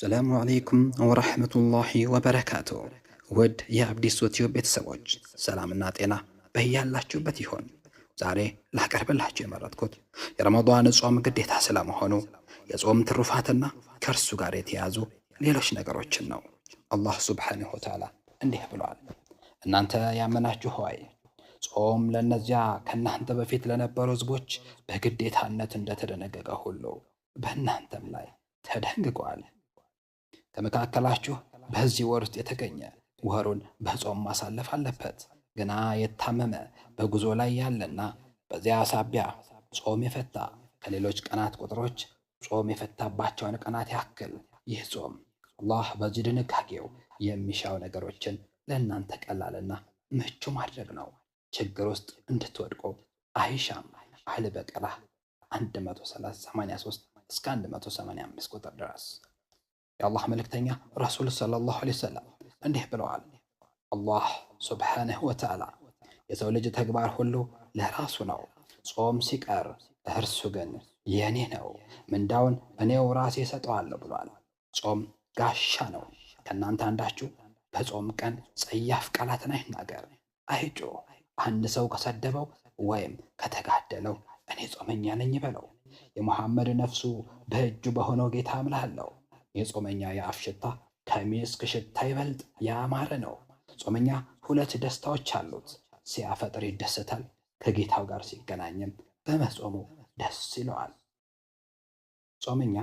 ሰላሙ አሌይኩም ወረሕመቱላሂ ወበረካቱ። ውድ የአብዲስ ቲዩብ ቤተሰቦች ሰላምና ጤና በያላችሁበት ይሆን። ዛሬ ላቀርብላችሁ የመረጥኩት የረመዳን ጾም ግዴታ ስለመሆኑ የጾም ትሩፋትና ከእርሱ ጋር የተያዙ ሌሎች ነገሮችን ነው። አላህ ሱብሓነሁ ወተዓላ እንዲህ ብሏል፣ እናንተ ያመናችሁ ሆይ ጾም ለእነዚያ ከእናንተ በፊት ለነበሩ ህዝቦች በግዴታነት እንደተደነገገ ሁሉ በእናንተም ላይ ተደንግጓል። ከመካከላችሁ በዚህ ወር ውስጥ የተገኘ ወሩን በጾም ማሳለፍ አለበት። ግና የታመመ በጉዞ ላይ ያለና በዚያ ሳቢያ ጾም የፈታ ከሌሎች ቀናት ቁጥሮች ጾም የፈታባቸውን ቀናት ያክል ይህ ጾም አላህ በዚህ ድንጋጌው የሚሻው ነገሮችን ለእናንተ ቀላልና ምቹ ማድረግ ነው። ችግር ውስጥ እንድትወድቁ አይሻም። አህል 183 እስከ 185 ቁጥር ድረስ የአላህ መልእክተኛ ረሱል ሰለላሁ ዐለይሂ ወሰለም እንዲህ ብለዋል። አላህ ሱብሓነሁ ወተዓላ የሰው ልጅ ተግባር ሁሉ ለራሱ ነው፣ ጾም ሲቀር እርሱ ግን የኔ ነው፣ ምንዳውን እኔው ራሴ እሰጠዋለሁ ብሏል። ጾም ጋሻ ነው። ከእናንተ አንዳችሁ በጾም ቀን ጸያፍ ቃላትን አይናገር፣ አይጩ። አንድ ሰው ከሰደበው ወይም ከተጋደለው እኔ ጾመኛ ነኝ በለው። የሙሐመድ ነፍሱ በእጁ በሆነው ጌታ አምልሃለሁ የጾመኛ የአፍ ሽታ ከሚስክ ሽታ ይበልጥ ያማረ ነው። ጾመኛ ሁለት ደስታዎች አሉት። ሲያፈጥር ይደሰታል፣ ከጌታው ጋር ሲገናኝም በመጾሙ ደስ ይለዋል። ጾመኛ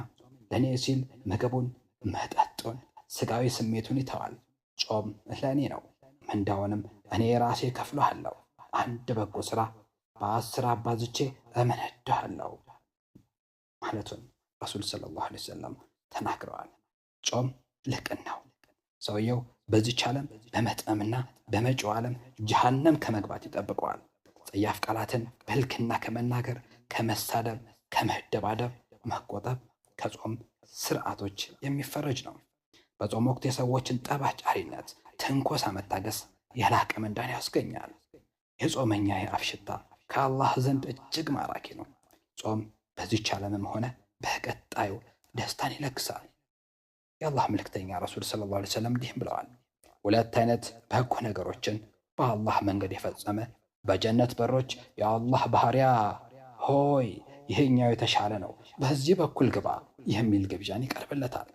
ለእኔ ሲል ምግቡን፣ መጠጡን፣ ስጋዊ ስሜቱን ይተዋል። ጾም ለእኔ ነው፣ ምንዳውንም እኔ ራሴ ከፍሎሃለሁ። አንድ በጎ ስራ በአስር አባዝቼ እመነዳሃለሁ ማለቱን ረሱል ሰለላሁ ዐለይሂ ወሰለም ተናግረዋል። ጾም ልቅን ነው። ሰውየው በዚች ዓለም በመጥመምና በመጪው ዓለም ጀሃነም ከመግባት ይጠብቀዋል። ጸያፍ ቃላትን በልክና ከመናገር ከመሳደብ፣ ከመደባደብ መቆጠብ ከጾም ስርዓቶች የሚፈረጅ ነው። በጾም ወቅት የሰዎችን ጠባጫሪነት ትንኮሳ መታገስ የላቀ ምንዳን ያስገኛል። የጾመኛ የአፍ ሽታ ከአላህ ዘንድ እጅግ ማራኪ ነው። ጾም በዚች ዓለምም ሆነ በቀጣዩ ደስታን ይለግሳል። የአላህ ምልክተኛ ረሱል ሰለላሁ ዐለይሂ ወሰለም እንዲህም ብለዋል፣ ሁለት አይነት በጎ ነገሮችን በአላህ መንገድ የፈጸመ በጀነት በሮች የአላህ ባህሪያ ሆይ ይህኛው የተሻለ ነው፣ በዚህ በኩል ግባ የሚል ግብዣን ይቀርብለታል።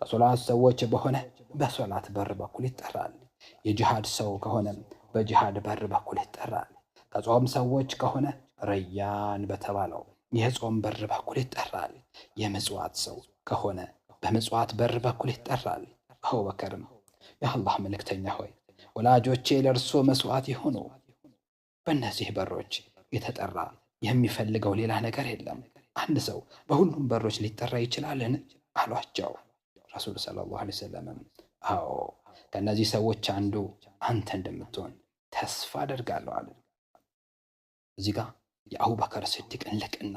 ከሶላት ሰዎች በሆነ በሶላት በር በኩል ይጠራል። የጅሃድ ሰው ከሆነ በጅሃድ በር በኩል ይጠራል። ከጾም ሰዎች ከሆነ ረያን በተባለው የጾም በር በኩል ይጠራል። የምጽዋት ሰው ከሆነ በምጽዋት በር በኩል ይጠራል። አቡበከርም የአላህ መልእክተኛ ሆይ ወላጆቼ ለእርሶ መስዋዕት ይሆኑ። በእነዚህ በሮች የተጠራ የሚፈልገው ሌላ ነገር የለም። አንድ ሰው በሁሉም በሮች ሊጠራ ይችላልን? አሏቸው። ረሱል ሰለላሁ ዐለይሂ ወሰለም አዎ፣ ከእነዚህ ሰዎች አንዱ አንተ እንደምትሆን ተስፋ አደርጋለሁ አሉ። እዚህ ጋር የአቡበከር ስዲቅን ልቅና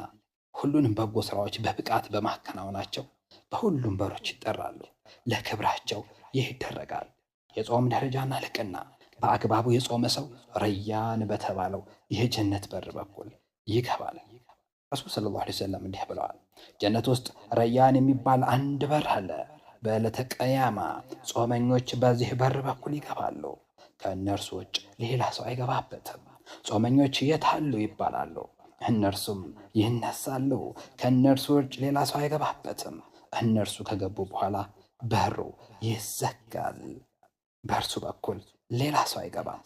ሁሉንም በጎ ስራዎች በብቃት በማከናወናቸው በሁሉም በሮች ይጠራሉ። ለክብራቸው ይህ ይደረጋል። የጾም ደረጃና ልቅና በአግባቡ የጾመ ሰው ረያን በተባለው የጀነት በር በኩል ይገባል። ረሱል ስለ ላ ሰለም እንዲህ ብለዋል፣ ጀነት ውስጥ ረያን የሚባል አንድ በር አለ። በዕለተ ቀያማ ጾመኞች በዚህ በር በኩል ይገባሉ። ከእነርሱ ውጭ ሌላ ሰው አይገባበትም። ጾመኞች የት አሉ ይባላሉ። እነርሱም ይነሳሉ፣ ከእነርሱ ውጭ ሌላ ሰው አይገባበትም። እነርሱ ከገቡ በኋላ በሩ ይዘጋል፣ በእርሱ በኩል ሌላ ሰው አይገባም።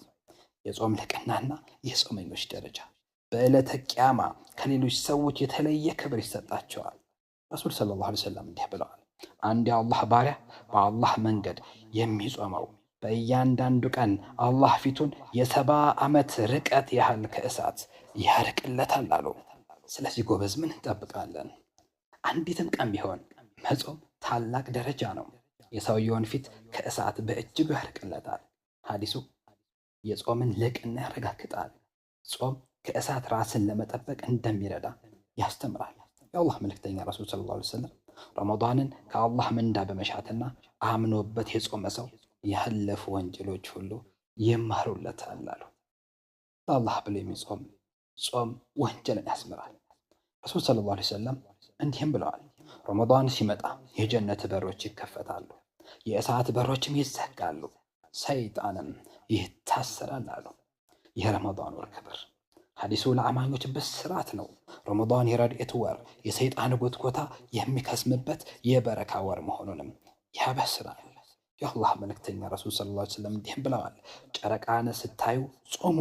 የጾም ልቅናና የጾመኞች ደረጃ በዕለተ ቅያማ ከሌሎች ሰዎች የተለየ ክብር ይሰጣቸዋል። ረሱል ሰለላሁ ዐለይሂ ወሰለም እንዲህ ብለዋል፣ አንድ የአላህ ባሪያ በአላህ መንገድ የሚጾመው በእያንዳንዱ ቀን አላህ ፊቱን የሰባ ዓመት ርቀት ያህል ከእሳት ያርቅለታል አሉ። ስለዚህ ጎበዝ ምን እንጠብቃለን? አንዲትም ቀን ቢሆን መጾም ታላቅ ደረጃ ነው። የሰውየውን ፊት ከእሳት በእጅጉ ያርቅለታል። ሀዲሱ የጾምን ልቅና ያረጋግጣል። ጾም ከእሳት ራስን ለመጠበቅ እንደሚረዳ ያስተምራል። የአላህ መልክተኛ ረሱል ሰለላሁ ዐለይሂ ወሰለም ረመዳንን ከአላህ ምንዳ በመሻትና አምኖበት የጾመ ሰው ያለፉ ወንጀሎች ሁሉ ይማሩለታል አለው። አላህ ብሎ የሚጾም ጾም ወንጀልን ያስምራል። ረሱል ሰለላሁ ዓለይሂ ወሰለም እንዲህም ብለዋል፣ ረመዳን ሲመጣ የጀነት በሮች ይከፈታሉ፣ የእሳት በሮችም ይዘጋሉ፣ ሰይጣንም ይታሰራል አሉ። የረመዳን ወር ክብር ሐዲሱ ለአማኞች ብስራት ነው። ረመዳን የረድኤት ወር፣ የሰይጣን ጎትጎታ የሚከስምበት የበረካ ወር መሆኑንም ያበስራል። የአላህ መልእክተኛ ረሱል ሰለላሁ ዐለይሂ ወሰለም እንዲህም ብለዋል፣ ጨረቃን ስታዩ ጾሙ፣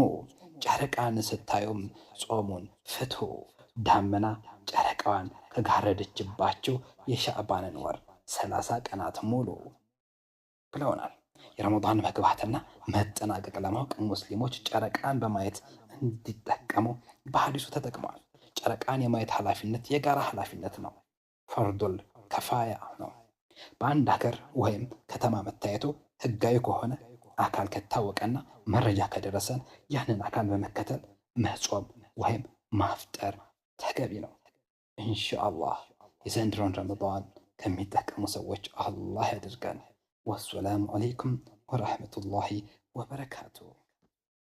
ጨረቃን ስታዩም ጾሙን ፍቱ። ዳመና ጨረቃዋን ከጋረደችባቸው የሻዕባንን ወር ሰላሳ ቀናት ሙሉ ብለውናል። የረመዳን መግባትና መጠናቀቅ ለማወቅ ሙስሊሞች ጨረቃን በማየት እንዲጠቀሙ በሀዲሱ ተጠቅመዋል። ጨረቃን የማየት ኃላፊነት የጋራ ኃላፊነት ነው፣ ፈርዱል ከፋያ ነው። በአንድ ሀገር ወይም ከተማ መታየቱ ህጋዊ ከሆነ አካል ከታወቀና መረጃ ከደረሰን ያንን አካል በመከተል መጾም ወይም ማፍጠር ተገቢ ነው። ኢንሻአላህ የዘንድሮን ረመዳን ከሚጠቀሙ ሰዎች አላህ ያድርገን። ወሰላሙ አሌይኩም ወረሕመቱላሂ ወበረካቱ።